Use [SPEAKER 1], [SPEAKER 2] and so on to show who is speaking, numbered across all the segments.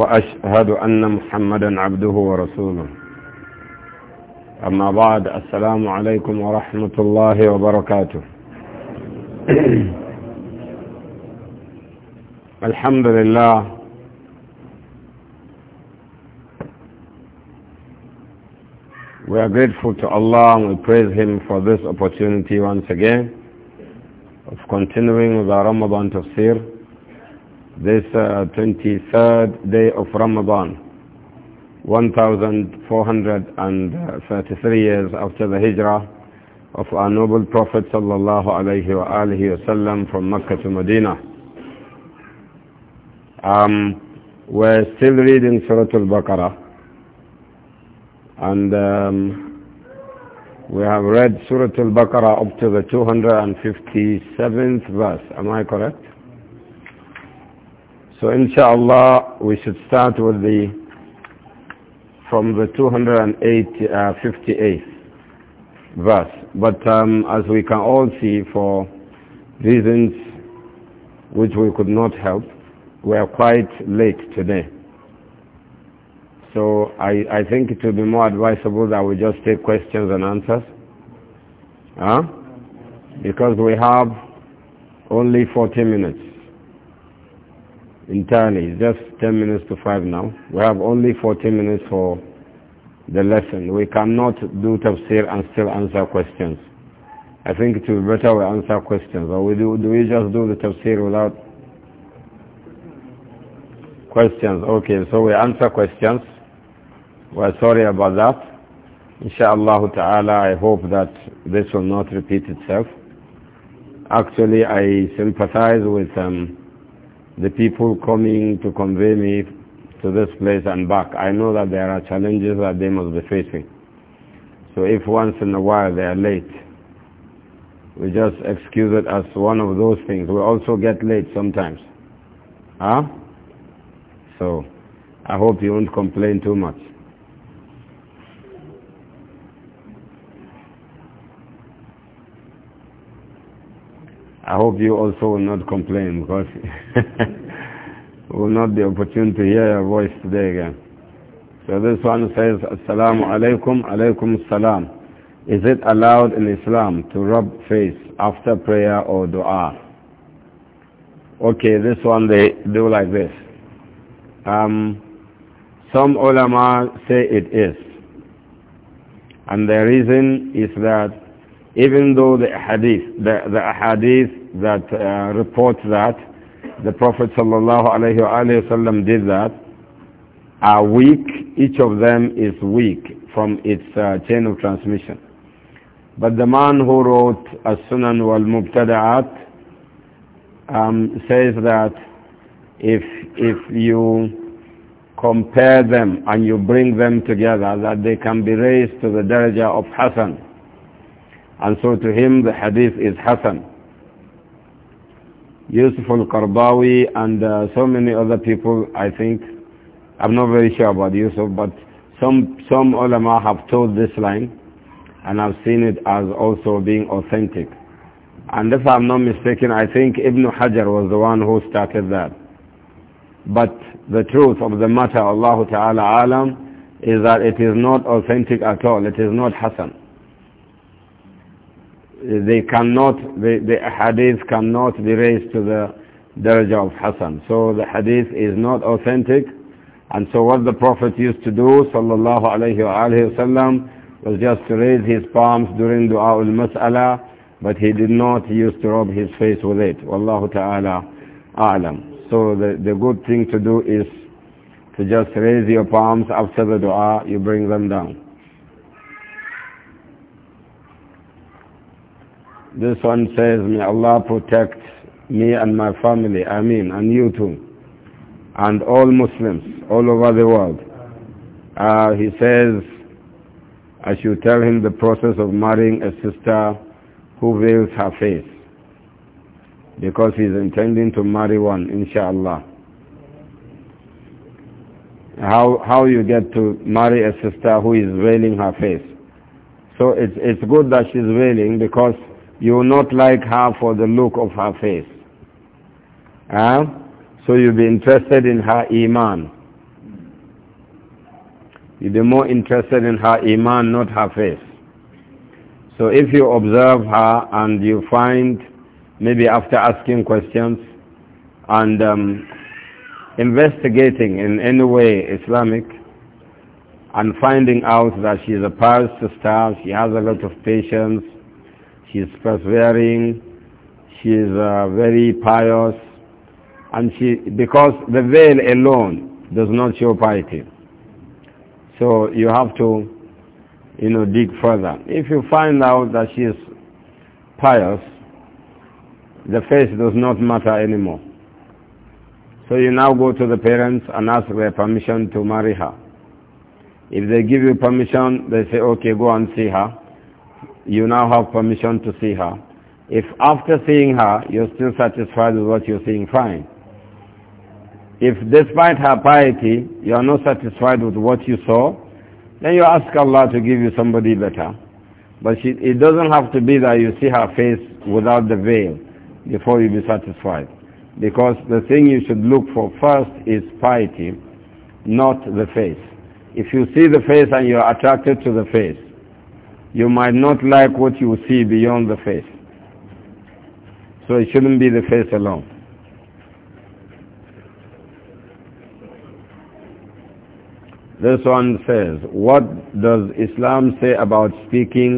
[SPEAKER 1] وأشهد أن محمدا عبده ورسوله أما بعد السلام عليكم ورحمة الله وبركاته الحمد لله We are grateful to Allah and we praise Him for this opportunity once again of continuing with our Ramadan tafsir. this uh, 23rd day of Ramadan, 1433 years after the hijrah of our noble Prophet sallallahu alayhi wa alihi wasallam from Mecca to Medina. Um, we're still reading Surah Al-Baqarah and um, we have read Surah Al-Baqarah up to the 257th verse. Am I correct? So inshallah we should start with the from the 258th uh, verse. But um, as we can all see for reasons which we could not help, we are quite late today. So I, I think it would be more advisable that we just take questions and answers. Huh? Because we have only 40 minutes entirely. It's just 10 minutes to 5 now. We have only 14 minutes for the lesson. We cannot do tafsir and still answer questions. I think it will be better we answer questions. Or we do, do we just do the tafsir without questions? Okay, so we answer questions. We're sorry about that. Insha'Allah ta'ala, I hope that this will not repeat itself. Actually, I sympathize with um, the people coming to convey me to this place and back. I know that there are challenges that they must be facing. So if once in a while they are late, we just excuse it as one of those things. We also get late sometimes. Huh? So, I hope you won't complain too much. I hope you also will not complain because we will not be opportunity to hear your voice today again. So this one says, Assalamu alaikum, alaikum salam. Is it allowed in Islam to rub face after prayer or dua? Okay, this one they do like this. Um, some ulama say it is. And the reason is that even though the hadith, the, the hadith that uh, report that the Prophet wasallam did that are weak. Each of them is weak from its uh, chain of transmission. But the man who wrote As-Sunan wal-Mubtada'at um, says that if, if you compare them and you bring them together, that they can be raised to the daraja of Hasan. And so to him the hadith is Hassan. Yusuf al-Qarbawi and uh, so many other people, I think, I'm not very sure about Yusuf, but some, some ulama have told this line and I've seen it as also being authentic. And if I'm not mistaken, I think Ibn Hajar was the one who started that. But the truth of the matter, Allah Ta'ala Alam, is that it is not authentic at all. It is not Hassan they cannot, the, the hadith cannot be raised to the darajah of Hassan. So the hadith is not authentic. And so what the Prophet used to do, sallallahu alayhi wasallam, was just to raise his palms during dua al-mas'ala, but he did not used to rub his face with it. Wallahu ta'ala a'lam. So the, the good thing to do is to just raise your palms after the dua, you bring them down. This one says, may Allah protect me and my family, I mean, and you too, and all Muslims all over the world. Uh, he says, I should tell him the process of marrying a sister who veils her face, because he's intending to marry one, inshallah. How, how you get to marry a sister who is veiling her face. So it's, it's good that she's veiling because you will not like her for the look of her face. Huh? So you'll be interested in her iman. You'll be more interested in her iman, not her face. So if you observe her and you find, maybe after asking questions and um, investigating in any way Islamic, and finding out that she's a pious sister, she has a lot of patience, she's persevering, she's uh, very pious, and she, because the veil alone does not show piety. So you have to, you know, dig further. If you find out that she is pious, the face does not matter anymore. So you now go to the parents and ask their permission to marry her. If they give you permission, they say, okay, go and see her you now have permission to see her. If after seeing her, you're still satisfied with what you're seeing, fine. If despite her piety, you are not satisfied with what you saw, then you ask Allah to give you somebody better. But she, it doesn't have to be that you see her face without the veil before you be satisfied. Because the thing you should look for first is piety, not the face. If you see the face and you are attracted to the face, you might not like what you see beyond the face. So it shouldn't be the face alone. This one says, what does Islam say about speaking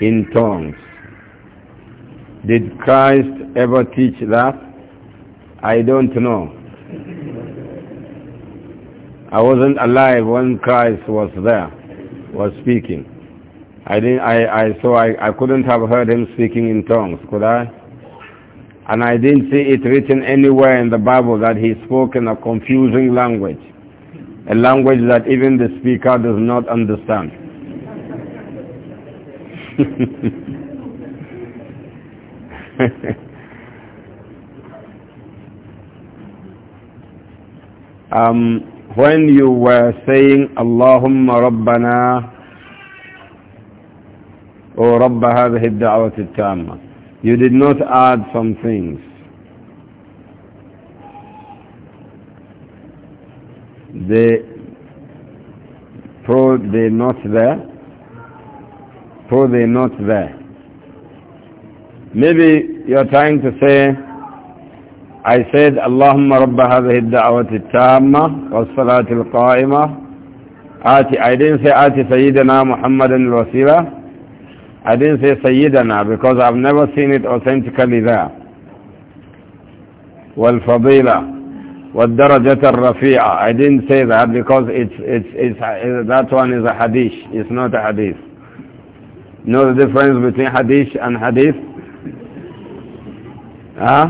[SPEAKER 1] in tongues? Did Christ ever teach that? I don't know. I wasn't alive when Christ was there, was speaking. I didn't, I, I, so I, I couldn't have heard him speaking in tongues, could I? And I didn't see it written anywhere in the Bible that he spoke in a confusing language, a language that even the speaker does not understand. um, when you were saying, Allahumma Rabbana, O رب هذه الدعوة التامة You did not add some things They Pro they not there Pro they not there Maybe you're trying to say I said, اللهم رب هذه الدعوة التامة والصلاة القائمة آتي, I didn't say آتي سيدنا محمد الوسيلة I didn't say Sayyidana because I've never seen it authentically there. والفضيلة والدرجة الرفيعة I didn't say that because it's, it's, it's, uh, that one is a hadith. It's not a hadith. know the difference between hadith and hadith? Huh?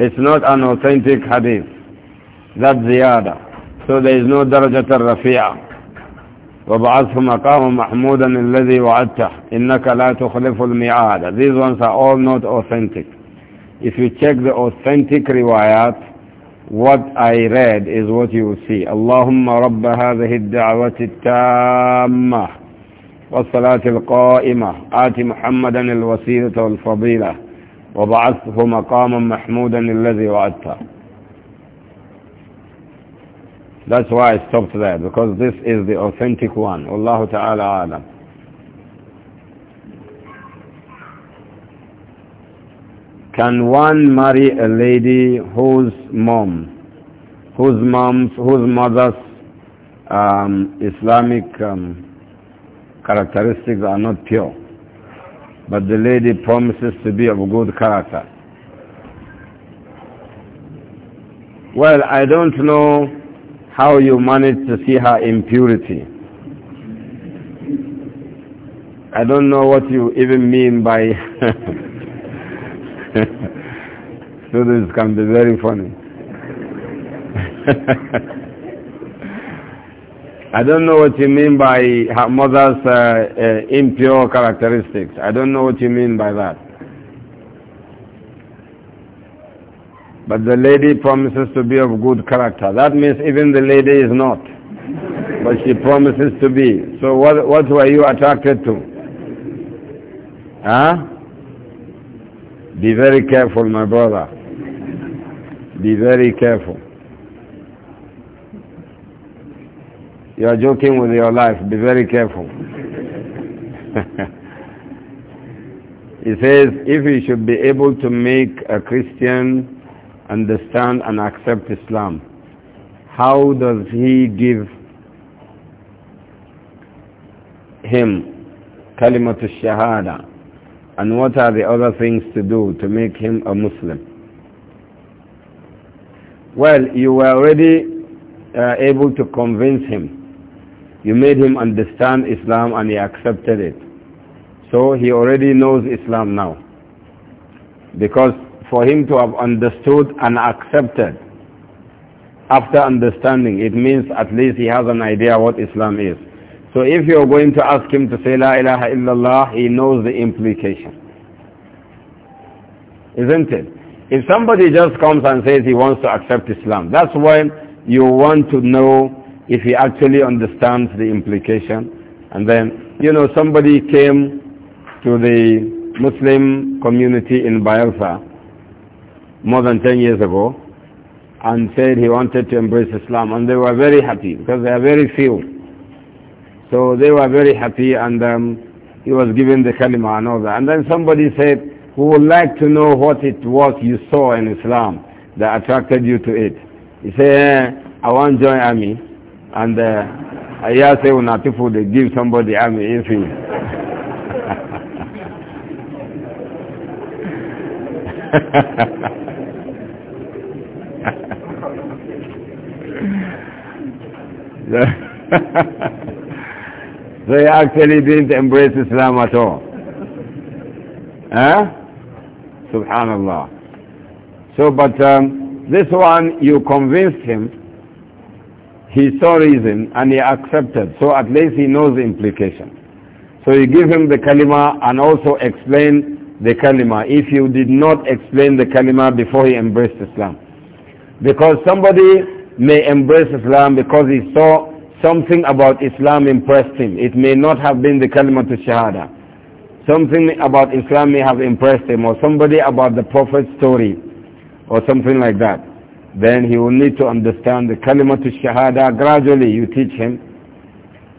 [SPEAKER 1] It's not an authentic hadith. That's the other. So there is no درجة الرفيعة وبعثه مقام محمودا الذي وعدته إنك لا تخلف الميعاد these ones are all not authentic if you check the authentic روايات what I read is what you see اللهم رب هذه الدعوة التامة والصلاة القائمة آت محمدا الوسيلة والفضيلة وبعثه مقاما محمودا الذي وعدته That's why I stopped there, because this is the authentic one. Allah Ta'ala Alam. Can one marry a lady whose mom, whose mom's, whose mother's um, Islamic um, characteristics are not pure, but the lady promises to be of good character? Well, I don't know how you manage to see her impurity. I don't know what you even mean by... Students can be very funny. I don't know what you mean by her mother's uh, uh, impure characteristics. I don't know what you mean by that. But the lady promises to be of good character. That means even the lady is not. But she promises to be. So what, what were you attracted to? Huh? Be very careful, my brother. Be very careful. You are joking with your life. Be very careful. he says, if you should be able to make a Christian understand and accept Islam, how does he give him kalimatul shahada and what are the other things to do to make him a Muslim? Well, you were already uh, able to convince him. You made him understand Islam and he accepted it. So he already knows Islam now. Because for him to have understood and accepted. After understanding, it means at least he has an idea what Islam is. So if you're going to ask him to say La ilaha illallah, he knows the implication. Isn't it? If somebody just comes and says he wants to accept Islam, that's why you want to know if he actually understands the implication. And then, you know, somebody came to the Muslim community in Bielsa more than 10 years ago and said he wanted to embrace Islam and they were very happy because they are very few. So they were very happy and um, he was given the kalima and all that. And then somebody said, "Who would like to know what it was you saw in Islam that attracted you to it. He said, eh, I want to join army and uh, I hear say when people they give somebody army anything.
[SPEAKER 2] Ha so he actually
[SPEAKER 1] didn't embrace Islam at all. Huh? Subhanallah. So, but um, this one, you convinced him. He saw reason and he accepted. So at least he knows the implication. So you give him the kalima and also explain the kalima if you did not explain the kalima before he embraced Islam. Because somebody may embrace Islam because he saw something about Islam impressed him. It may not have been the kalima to shahada. Something about Islam may have impressed him or somebody about the Prophet's story or something like that. Then he will need to understand the kalima to shahada. Gradually you teach him.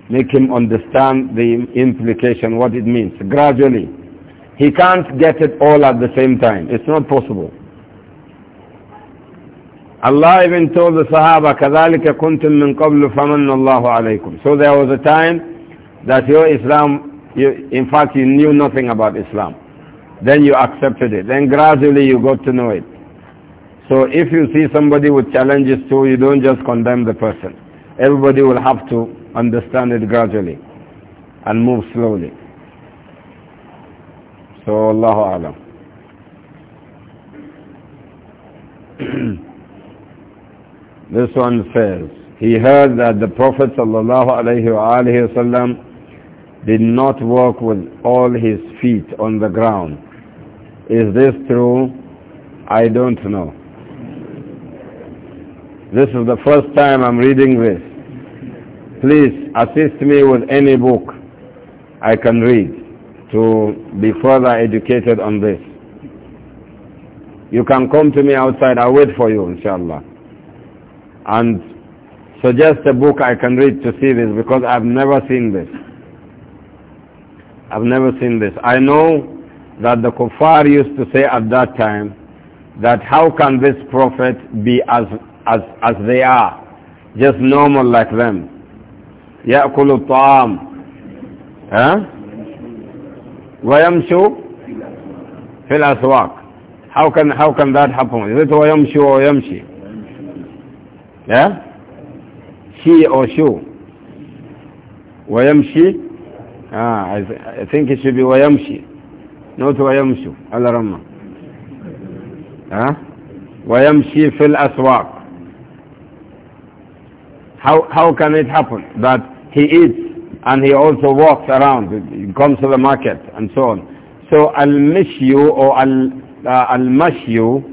[SPEAKER 1] Make him understand the implication, what it means. Gradually. He can't get it all at the same time. It's not possible. Allah even told the Sahaba, كَذَلِكَ كُنْتُم مِّن قَبْلُ فَمَنَّ اللَّهُ عَلَيْكُمْ So there was a time that your Islam, you, in fact you knew nothing about Islam. Then you accepted it. Then gradually you got to know it. So if you see somebody with challenges too, you don't just condemn the person. Everybody will have to understand it gradually and move slowly. So Allahu Alam. This one says, he heard that the Prophet ﷺ did not walk with all his feet on the ground. Is this true? I don't know. This is the first time I'm reading this. Please assist me with any book I can read to be further educated on this. You can come to me outside. I'll wait for you, inshallah and suggest a book I can read to see this because I've never seen this. I've never seen this. I know that the kuffar used to say at that time that how can this prophet be as, as, as they are, just normal like them. يأكل الطعام ها ويمشو في الأسواق how can how can that happen is it ويمشي ويمشي yeah? he or she ويمشي ah, I, th I think it should be ويمشي not she. Allah رمى ah? ويمشي في الأسواق how, how can it happen that he eats and he also walks around, he comes to the market and so on. So al-mishyu or uh, al-mashyu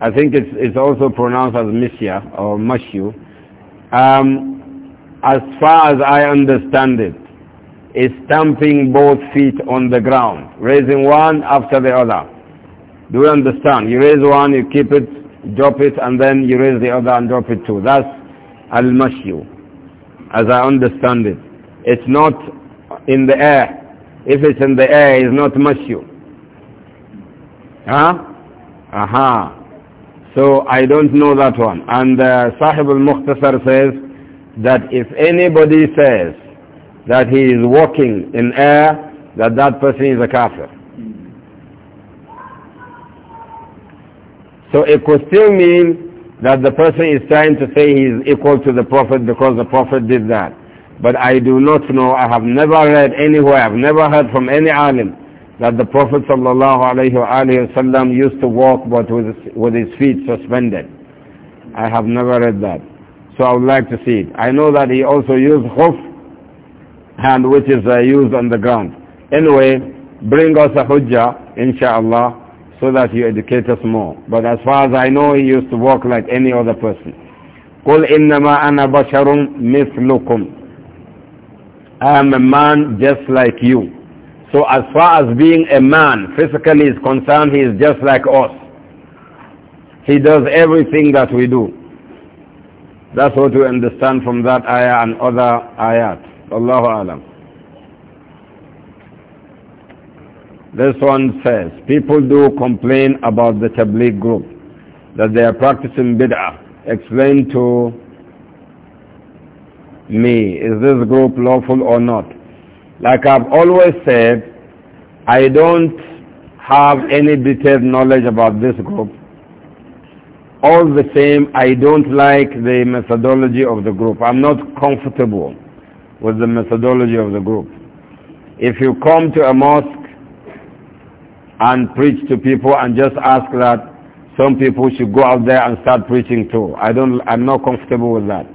[SPEAKER 1] I think it's, it's also pronounced as Mishya or Mashu. Um, as far as I understand it, is stamping both feet on the ground, raising one after the other. Do you understand? You raise one, you keep it, drop it, and then you raise the other and drop it too. That's al-mashyu, as I understand it. It's not in the air. If it's in the air, it's not Mushu. Huh? Aha. So I don't know that one. And uh, Sahib al-Mukhtasar says that if anybody says that he is walking in air, that that person is a kafir. So it could still mean that the person is trying to say he is equal to the Prophet because the Prophet did that. But I do not know, I have never read anywhere, I've never heard from any alim that the Prophet ﷺ used to walk but with his, with his feet suspended. I have never read that. So I would like to see it. I know that he also used khuf, hand which is uh, used on the ground. Anyway, bring us a hujjah, inshallah, so that you educate us more. But as far as I know, he used to walk like any other person. قُلْ إِنَّمَا أَنَا بَشَرٌ مِثْلُكُمْ I am a man just like you. So as far as being a man physically is concerned, he is just like us. He does everything that we do. That's what we understand from that ayah and other ayat. Allahu Alam. This one says, people do complain about the Tabligh group, that they are practicing bid'ah. Explain to me, is this group lawful or not? Like I've always said, I don't have any detailed knowledge about this group. All the same, I don't like the methodology of the group. I'm not comfortable with the methodology of the group. If you come to a mosque and preach to people and just ask that, some people should go out there and start preaching too. I don't, I'm not comfortable with that.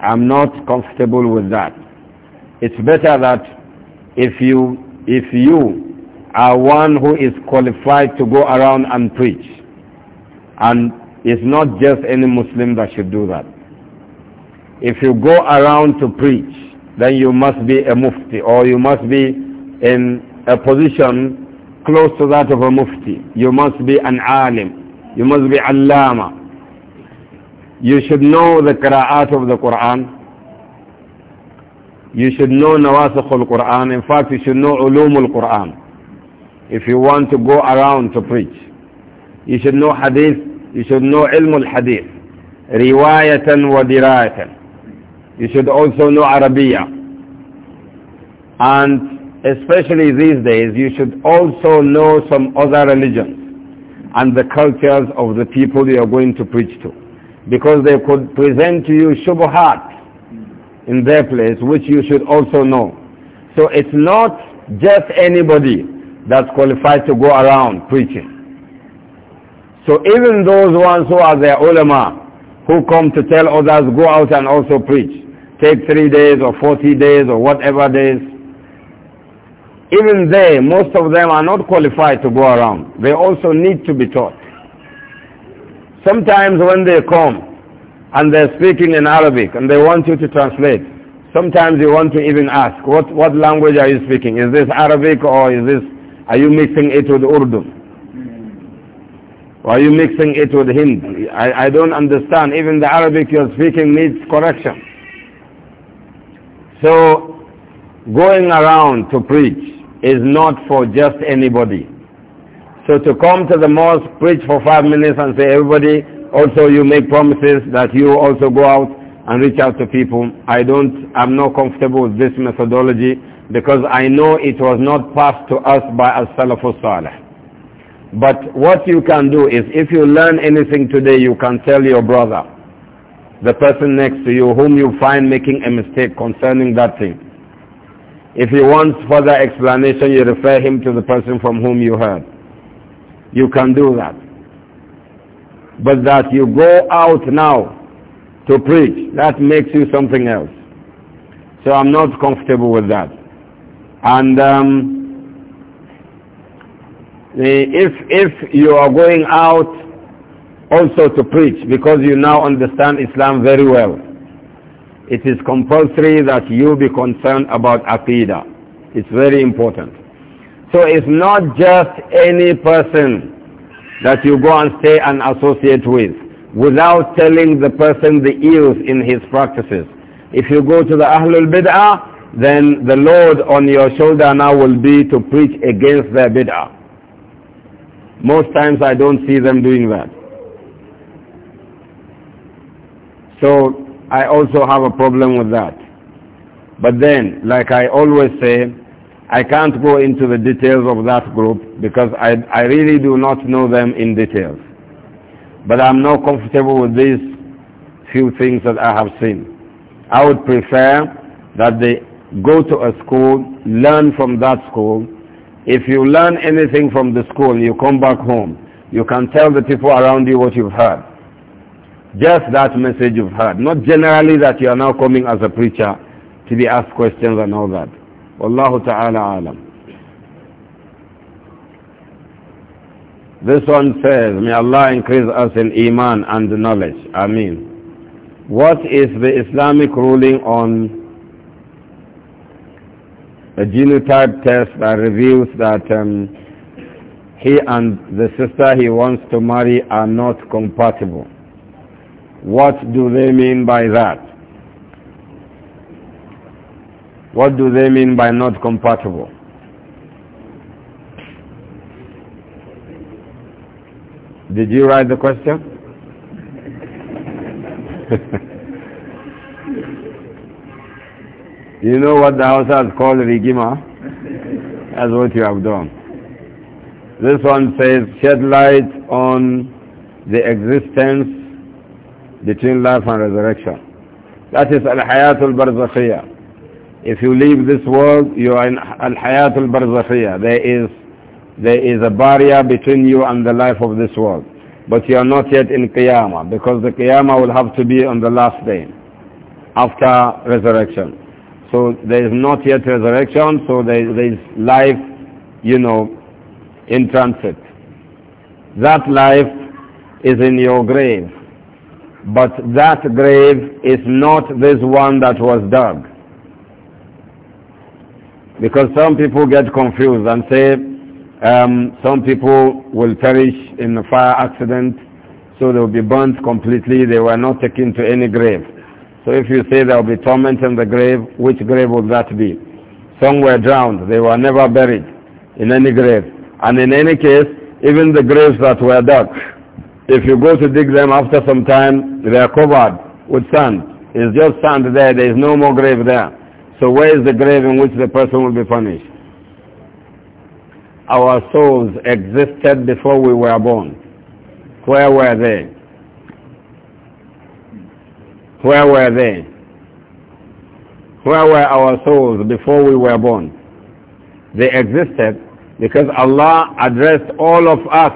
[SPEAKER 1] I'm not comfortable with that it's better that if you, if you are one who is qualified to go around and preach, and it's not just any Muslim that should do that. If you go around to preach, then you must be a mufti or you must be in a position close to that of a mufti. You must be an alim. You must be allama. You should know the qira'at of the Quran. You should know Nawasakhul Quran. In fact, you should know Ulumul Quran. If you want to go around to preach. You should know Hadith. You should know Ilmul Hadith. Riwayatan wa dirayatan. You should also know Arabiya. And especially these days, you should also know some other religions and the cultures of the people you are going to preach to. Because they could present to you shubhat in their place, which you should also know. So it's not just anybody that's qualified to go around preaching. So even those ones who are the ulama, who come to tell others, go out and also preach. Take three days or 40 days or whatever days. Even they, most of them are not qualified to go around. They also need to be taught. Sometimes when they come, and they're speaking in Arabic and they want you to translate. Sometimes you want to even ask, what, what language are you speaking? Is this Arabic or is this, are you mixing it with Urdu? Or are you mixing it with Hindi? I, I don't understand. Even the Arabic you're speaking needs correction. So going around to preach is not for just anybody. So to come to the mosque, preach for five minutes and say, everybody, also, you make promises that you also go out and reach out to people. I don't, I'm not comfortable with this methodology because I know it was not passed to us by As-Salafus Salih. But what you can do is if you learn anything today, you can tell your brother, the person next to you whom you find making a mistake concerning that thing. If he wants further explanation, you refer him to the person from whom you heard. You can do that but that you go out now to preach, that makes you something else. So I'm not comfortable with that. And um, if, if you are going out also to preach, because you now understand Islam very well, it is compulsory that you be concerned about Aqidah. It's very important. So it's not just any person that you go and stay and associate with without telling the person the ills in his practices. If you go to the Ahlul Bid'ah, then the load on your shoulder now will be to preach against their Bid'ah. Most times I don't see them doing that. So I also have a problem with that. But then, like I always say, I can't go into the details of that group because I, I really do not know them in details. But I'm not comfortable with these few things that I have seen. I would prefer that they go to a school, learn from that school. If you learn anything from the school, you come back home. You can tell the people around you what you've heard. Just that message you've heard. Not generally that you are now coming as a preacher to be asked questions and all that. Wallahu ta'ala alam. This one says, May Allah increase us in Iman and knowledge. Ameen. What is the Islamic ruling on a genotype test that reveals that um, he and the sister he wants to marry are not compatible? What do they mean by that? What do they mean by not compatible? Did you write the question? you know what the house has called rigima? That's what you have done. This one says, shed light on the existence between life and resurrection. That is al-hayatul barzakhiyah. If you leave this world, you are in al-hayat al-barzakhiyah. There is, there is a barrier between you and the life of this world. But you are not yet in qiyamah because the qiyamah will have to be on the last day after resurrection. So there is not yet resurrection, so there, there is life, you know, in transit. That life is in your grave. But that grave is not this one that was dug. Because some people get confused and say um, some people will perish in a fire accident, so they will be burnt completely. They were not taken to any grave. So if you say there will be torment in the grave, which grave would that be? Some were drowned. They were never buried in any grave. And in any case, even the graves that were dug, if you go to dig them after some time, they are covered with sand. It's just sand there. There is no more grave there. So where is the grave in which the person will be punished? Our souls existed before we were born. Where were they? Where were they? Where were our souls before we were born? They existed because Allah addressed all of us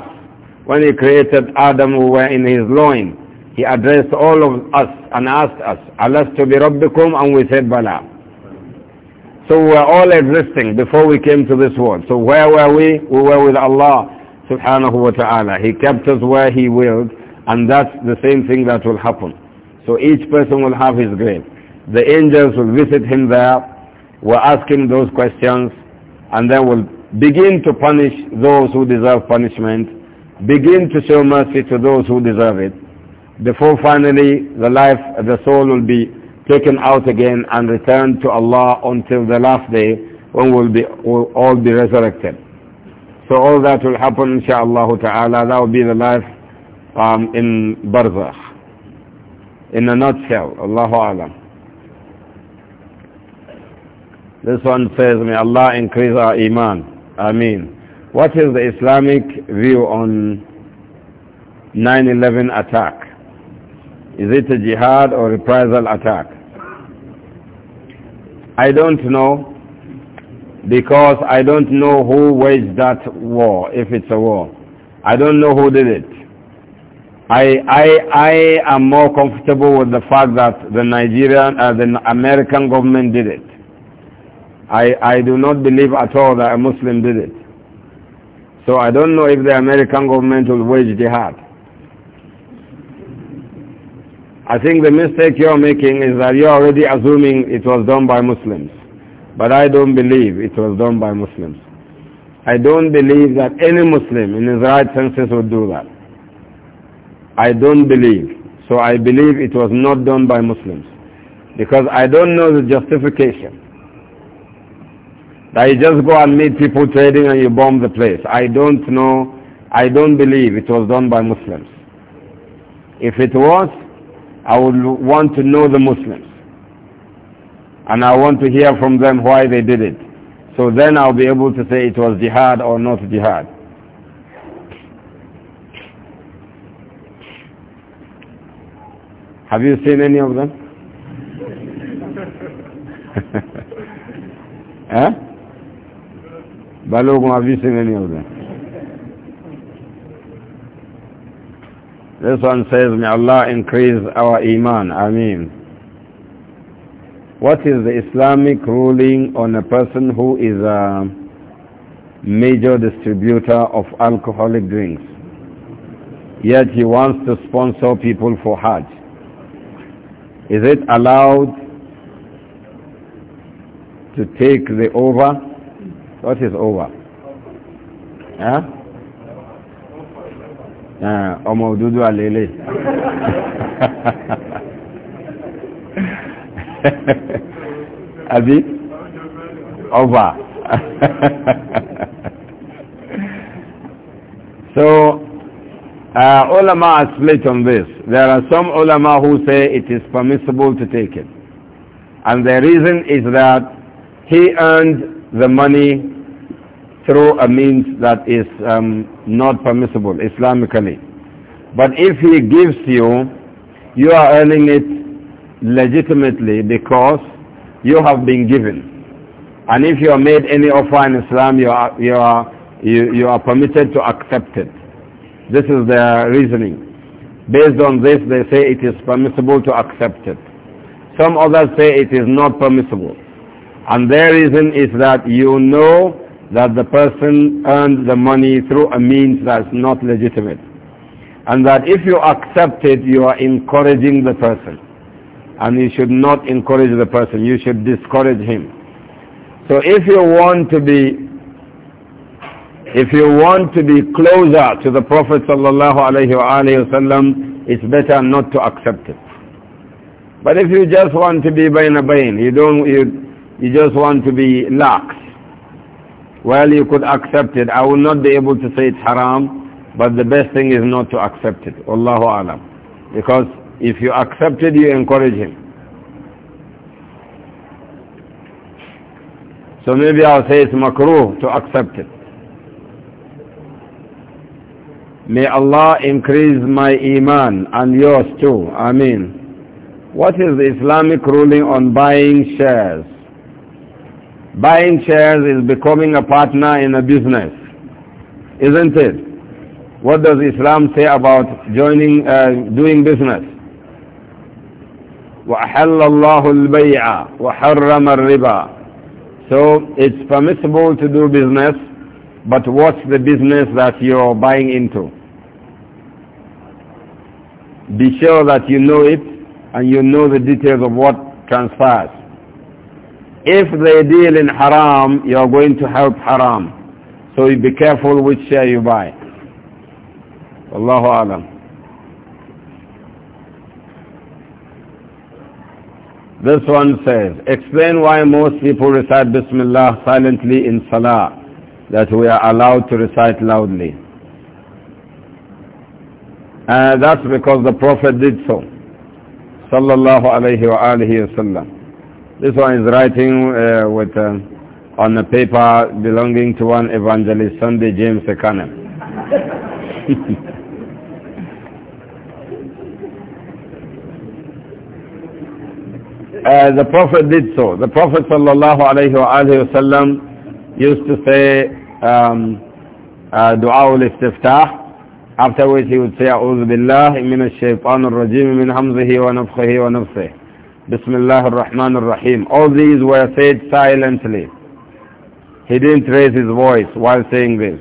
[SPEAKER 1] when He created Adam we were in His loin. He addressed all of us and asked us, Alastu bi rabbikum? And we said, Bala. So we were all existing before we came to this world. So where were we? We were with Allah subhanahu wa ta'ala. He kept us where He willed and that's the same thing that will happen. So each person will have his grave. The angels will visit him there, will ask him those questions and then will begin to punish those who deserve punishment, begin to show mercy to those who deserve it, before finally the life, the soul will be taken out again and returned to Allah until the last day when we'll, be, we'll all be resurrected. So all that will happen inshaAllah ta'ala. That will be the life um, in Barzakh. In a nutshell, Allahu Alam. This one says, may Allah increase our iman. Ameen. What is the Islamic view on 9-11 attack? Is it a jihad or reprisal attack? I don't know because I don't know who waged that war, if it's a war. I don't know who did it. I, I, I am more comfortable with the fact that the Nigerian, uh, the American government did it. I, I do not believe at all that a Muslim did it. So I don't know if the American government will wage jihad. I think the mistake you're making is that you're already assuming it was done by Muslims. But I don't believe it was done by Muslims. I don't believe that any Muslim in his right senses would do that. I don't believe. So I believe it was not done by Muslims. Because I don't know the justification. That you just go and meet people trading and you bomb the place. I don't know. I don't believe it was done by Muslims. If it was, I would want to know the Muslims. And I want to hear from them why they did it. So then I'll be able to say it was jihad or not jihad. Have you seen any of them? eh? Balogun, have you seen any of them? This one says, may Allah increase our iman. Ameen. What is the Islamic ruling on a person who is a major distributor of alcoholic drinks, yet he wants to sponsor people for Hajj? Is it allowed to take the over? What is over? Huh? Eh, ọmọ òdúdó àlélẹ̀ àbí ọba so uh, ulama are split on this there are some ulama who say it is permissible to take it and the reason is that he earned the money through a means that is um, not permissible Islamically. But if he gives you, you are earning it legitimately because you have been given. And if you are made any offer in Islam, you are, you are, you, you are permitted to accept it. This is their reasoning. Based on this, they say it is permissible to accept it. Some others say it is not permissible. And their reason is that you know that the person earned the money through a means that's not legitimate. And that if you accept it, you are encouraging the person. And you should not encourage the person. You should discourage him. So if you want to be if you want to be closer to the Prophet wasallam, it's better not to accept it. But if you just want to be bain bain, you don't you, you just want to be lax, well, you could accept it. I will not be able to say it's haram, but the best thing is not to accept it. Allahu alam. Because if you accept it, you encourage him. So maybe I'll say it's makruh to accept it. May Allah increase my iman and yours too. Ameen. What is the Islamic ruling on buying shares? Buying shares is becoming a partner in a business, isn't it? What does Islam say about joining, uh, doing business? وَأَحَلَّ اللَّهُ الْبَيْعَ وَحَرَّمَ الرِّبَى So it's permissible to do business, but what's the business that you're buying into? Be sure that you know it and you know the details of what transpires. If they deal in haram, you are going to help haram. So be careful which share you buy. Allahu Alam. This one says, explain why most people recite Bismillah silently in Salah, that we are allowed to recite loudly. Uh, that's because the Prophet did so. Sallallahu Alaihi wa alihi this one is writing uh, with uh, on a paper belonging to one evangelist, Sunday James Ekane. uh, the Prophet did so. The Prophet sallallahu alayhi wa used to say um, uh, dua al-istiftah after which he would say أعوذ بالله rajim min الرجيم wa همزه wa ونفسه Bismillah ar-Rahman ar-Rahim. All these were said silently. He didn't raise his voice while saying this.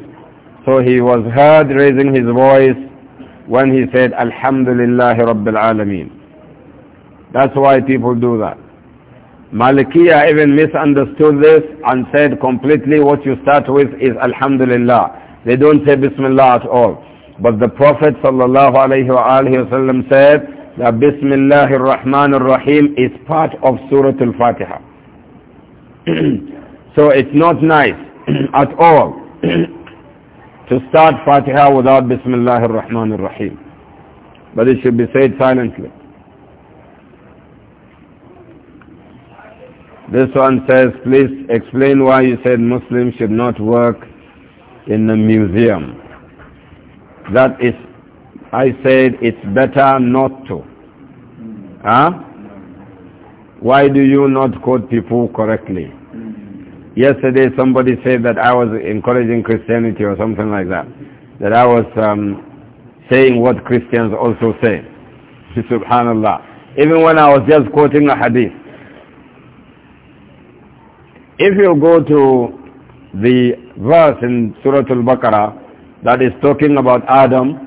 [SPEAKER 1] So he was heard raising his voice when he said, Alhamdulillah Rabbil Alameen. That's why people do that. Malikiya even misunderstood this and said completely what you start with is Alhamdulillah. They don't say Bismillah at all. But the Prophet sallallahu alayhi wa said, that Bismillah ar-Rahman ar-Rahim is part of Surah Al-Fatiha. so it's not nice at all to start Fatiha without Bismillah ar-Rahman ar-Rahim. But it should be said silently. This one says, please explain why you said Muslims should not work in a museum. That is I said it's better not to. Huh? Why do you not quote people correctly? Yesterday somebody said that I was encouraging Christianity or something like that. That I was um, saying what Christians also say. Subhanallah. Even when I was just quoting a hadith. If you go to the verse in Surah Al-Baqarah that is talking about Adam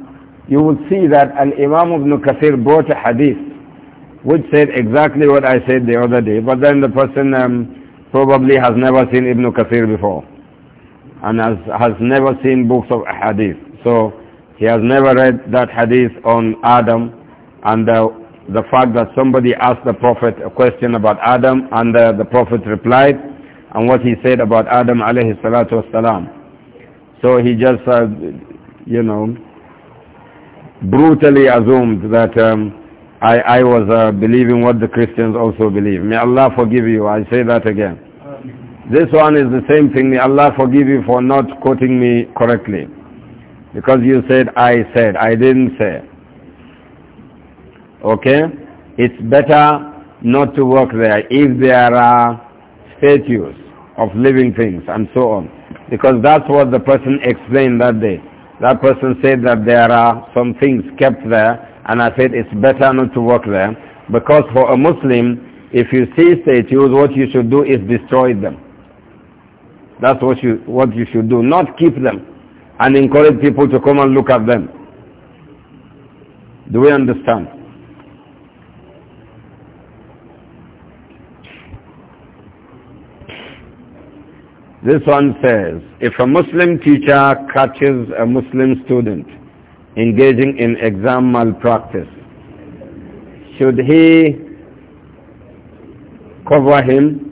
[SPEAKER 1] you will see that Al-Imam ibn Kathir brought a hadith which said exactly what I said the other day, but then the person um, probably has never seen Ibn Kathir before and has, has never seen books of hadith. So he has never read that hadith on Adam and the, the fact that somebody asked the Prophet a question about Adam and the, the Prophet replied and what he said about Adam alayhi salatu wasalam. So he just, uh, you know, brutally assumed that um, I, I was uh, believing what the Christians also believe. May Allah forgive you. I say that again. This one is the same thing. May Allah forgive you for not quoting me correctly. Because you said, I said. I didn't say. Okay? It's better not to work there if there are statues of living things and so on. Because that's what the person explained that day. That person said that there are some things kept there and I said it's better not to work there because for a Muslim, if you see statues, what you should do is destroy them. That's what you, what you should do, not keep them and encourage people to come and look at them. Do we understand? This one says, if a Muslim teacher catches a Muslim student engaging in exam malpractice, should he cover him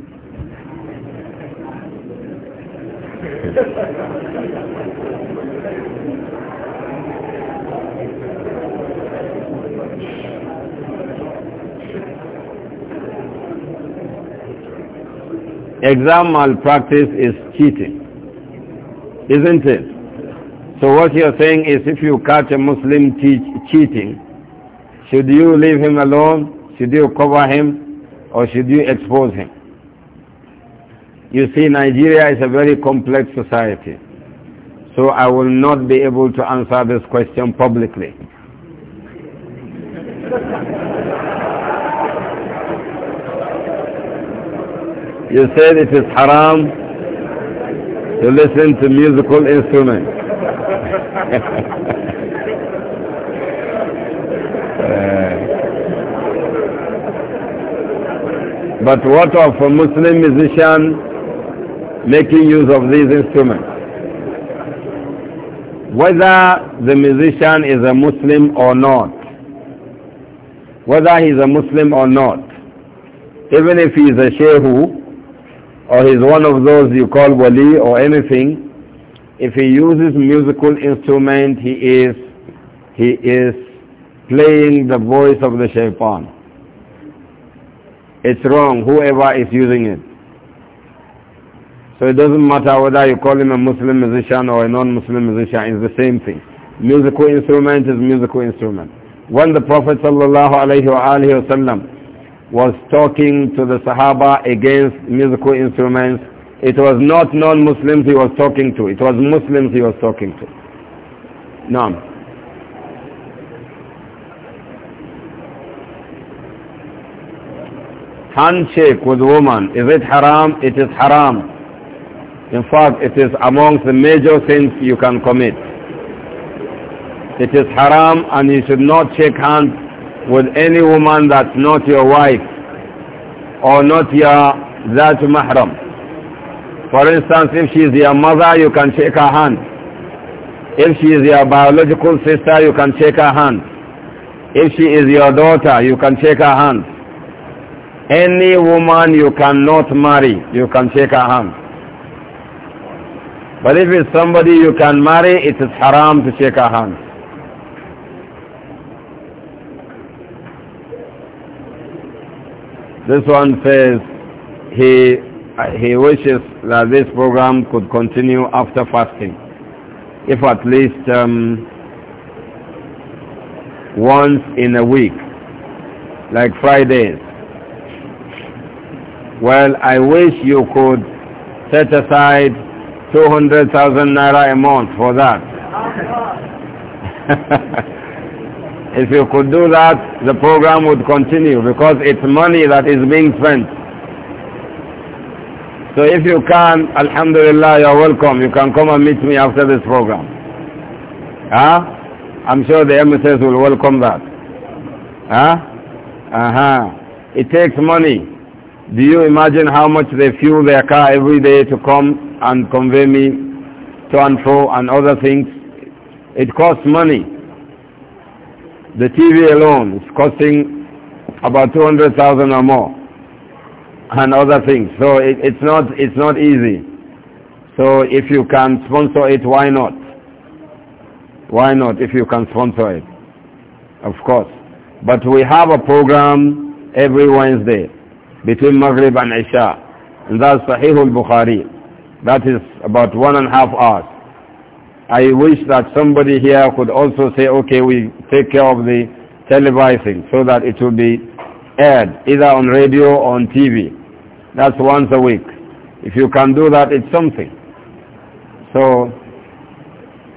[SPEAKER 1] exam malpractice is cheating, isn't it? So what you're saying is if you catch a Muslim cheating, should you leave him alone? Should you cover him? Or should you expose him? You see, Nigeria is a very complex society. So I will not be able to answer this question publicly. You said it is haram to listen to musical instruments. but what of a Muslim musician making use of these instruments? Whether the musician is a Muslim or not, whether he is a Muslim or not, even if he is a shehu, or he's one of those you call wali or anything, if he uses musical instrument, he is, he is playing the voice of the shaitan. It's wrong, whoever is using it. So it doesn't matter whether you call him a Muslim musician or a non-Muslim musician, it's the same thing. Musical instrument is musical instrument. When the Prophet sallallahu alayhi wa was talking to the Sahaba against musical instruments. It was not non-Muslims he was talking to. It was Muslims he was talking to. Naam. No. Handshake with woman, is it haram? It is haram. In fact, it is amongst the major sins you can commit. It is haram and you should not shake hands with any woman that's not your wife or not your that mahram. For instance, if she is your mother, you can shake her hand. If she is your biological sister, you can shake her hand. If she is your daughter, you can shake her hand. Any woman you cannot marry, you can shake her hand. But if it's somebody you can marry, it is haram to shake her hand. This one says he, he wishes that this program could continue after fasting. If at least um, once in a week, like Fridays. Well, I wish you could set aside 200,000 naira a month for
[SPEAKER 2] that.
[SPEAKER 1] If you could do that, the program would continue because it's money that is being spent. So if you can, Alhamdulillah, you're welcome. You can come and meet me after this program. Huh? I'm sure the MSS will welcome that. Huh? Uh-huh. It takes money. Do you imagine how much they fuel their car every day to come and convey me to and fro and other things? It costs money. The TV alone is costing about 200,000 or more and other things. So it, it's, not, it's not easy. So if you can sponsor it, why not? Why not if you can sponsor it? Of course. But we have a program every Wednesday between Maghrib and Isha. And that's Sahih al-Bukhari. That is about one and a half hours. I wish that somebody here could also say, okay, we take care of the televising so that it will be aired either on radio or on TV. That's once a week. If you can do that, it's something. So,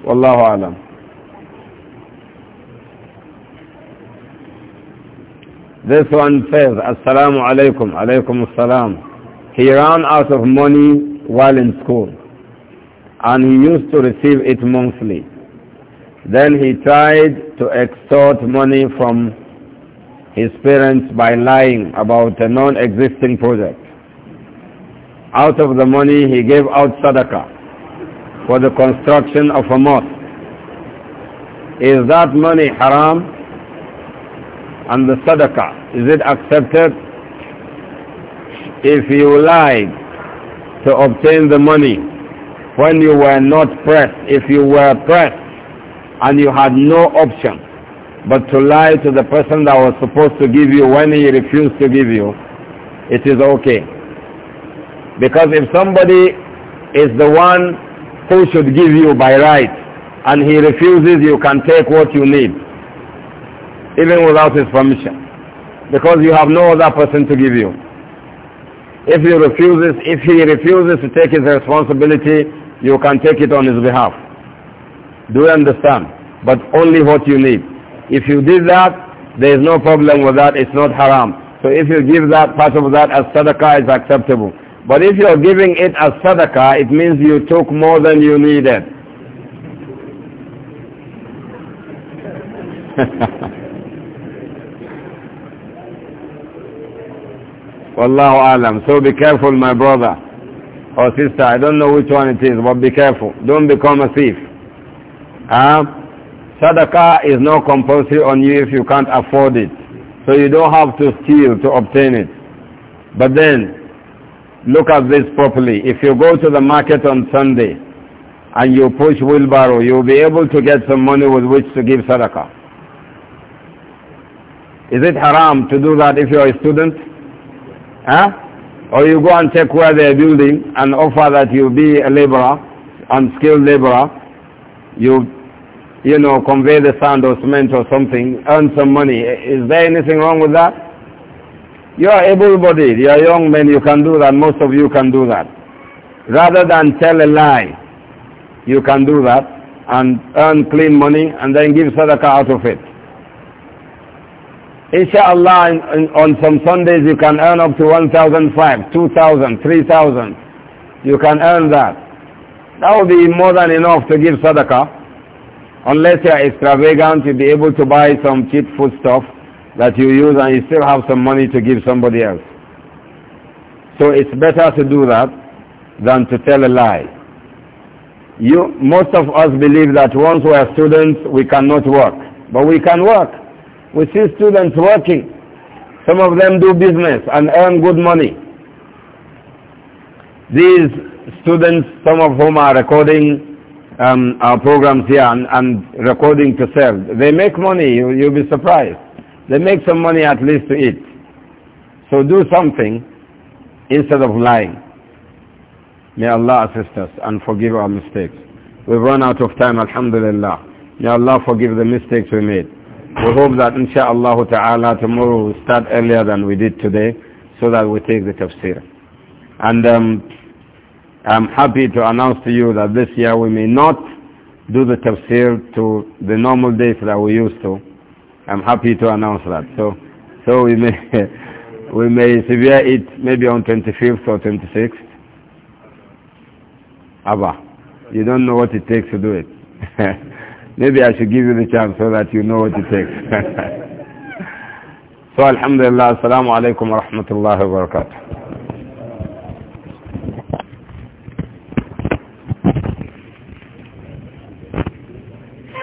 [SPEAKER 1] Wallahu Alam. This one says, Assalamu alaikum, alaikum assalam. He ran out of money while in school and he used to receive it monthly. Then he tried to extort money from his parents by lying about a non-existing project. Out of the money he gave out sadaqah for the construction of a mosque. Is that money haram? And the sadaqah, is it accepted? If you lied to obtain the money, when you were not pressed, if you were pressed and you had no option but to lie to the person that was supposed to give you when he refused to give you, it is okay. Because if somebody is the one who should give you by right and he refuses, you can take what you need, even without his permission, because you have no other person to give you. If he refuses, if he refuses to take his responsibility, you can take it on his behalf. Do you understand? But only what you need. If you did that, there is no problem with that. It's not haram. So if you give that, part of that as sadaqah, it's acceptable. But if you're giving it as sadaqah, it means you took more than you needed. Wallahu alam. So be careful, my brother or oh, sister, I don't know which one it is, but be careful. Don't become a thief. Uh, sadaqah is not compulsory on you if you can't afford it. So you don't have to steal to obtain it. But then, look at this properly. If you go to the market on Sunday and you push wheelbarrow, you'll be able to get some money with which to give sadaqah. Is it haram to do that if you're a student? Huh? Or you go and check where they're building and offer that you be a laborer, unskilled laborer. You, you know, convey the sand or cement or something, earn some money. Is there anything wrong with that? You are able-bodied. You are young men. You can do that. Most of you can do that. Rather than tell a lie, you can do that and earn clean money and then give sadaqah out of it. Inshallah, in, on some Sundays you can earn up to 1,005, 2,000, 3,000. You can earn that. That will be more than enough to give sadaqah. Unless you are extravagant, you'll be able to buy some cheap food stuff that you use and you still have some money to give somebody else. So it's better to do that than to tell a lie. You, most of us believe that once we are students, we cannot work. But we can work. We see students working. Some of them do business and earn good money. These students, some of whom are recording um, our programs here and, and recording to sell, they make money. You, you'll be surprised. They make some money at least to eat. So do something instead of lying. May Allah assist us and forgive our mistakes. We've run out of time, alhamdulillah. May Allah forgive the mistakes we made. We hope that insha'Allah ta'ala tomorrow we start earlier than we did today so that we take the tafsir. And um, I'm happy to announce to you that this year we may not do the tafsir to the normal dates that we used to. I'm happy to announce that. So, so we may we may severe it maybe on 25th or 26th. Abba, you don't know what it takes to do it. Maybe I should give you the chance so that you know what it takes. so alhamdulillah, assalamu alaikum wa rahmatullahi wa barakatuh.